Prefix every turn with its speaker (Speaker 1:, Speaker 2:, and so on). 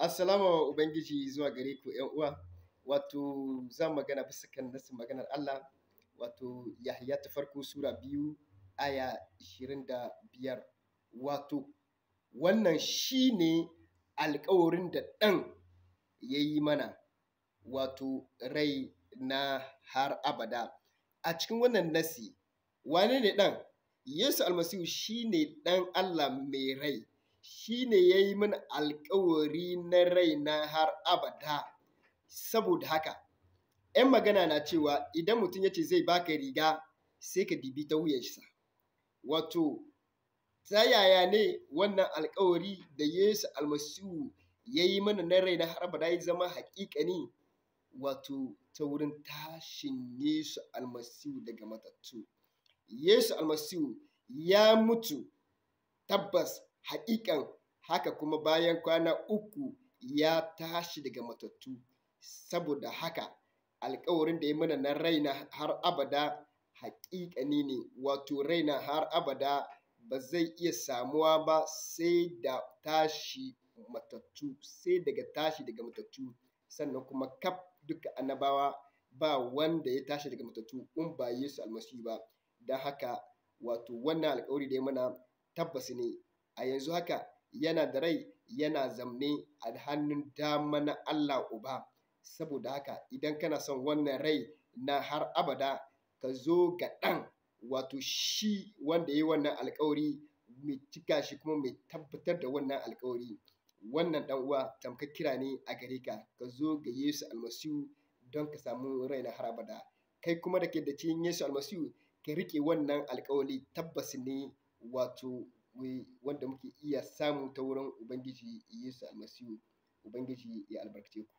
Speaker 1: Assalamu Ubangiji zuwa gare ku uwa wato za magana bisa kan nasin maganar Allah wato Yahya ta farko Sura biyu aya ishirin biyar wato wannan shi ne alkawarin da ɗan ya yi mana wato rai na har abada a cikin wannan nasi wane ne ɗan Yesu almasihu shi ne ɗan Allah mai rai shi ne ya yi min alkawari na raina har abada. Saboda haka, ‘yan magana na cewa idan mutum ya ce zai baka riga sai ka dibi ta wuyansa. Wato, ta yaya ne wannan alkawari da Yesu almasihu ya yi mana na raina har abada ya zama haƙiƙani wato ta wurin tashin Yesu almasihu daga matattu. Yesu almasihu ya mutu tabbas haƙiƙan haka kuma bayan kwana uku ya tashi daga matattu saboda haka alkawarin da ya mana na raina har abada haƙiƙani ne wato raina har abada ba zai iya samuwa ba sai da tashi matattu sai daga tashi daga matattu sannan kuma kaf duka annabawa ba wanda ya tashi daga matattu in ba Yesu almasihu ba Da haka wato wannan alkawari da ya mana tabbas ne a yanzu haka yana da rai yana zamne a hannun dama na Allah Uba saboda haka idan kana son wannan rai na har abada ka zo ga ɗan wato shi wanda ya yi wannan alkawari mai cika shi kuma mai tabbatar da wannan alkawari wannan ɗan uwa tamkar kira ne a gare ka ka zo ga Yesu almasihu don ka samu rai na har abada kai kuma da ke da cikin Yesu almasihu ka rike wannan alkawari tabbas ne wato wanda muke iya samu ta wurin Ubangiji Yesu Almasihu. Ubangiji ya albarkace ku.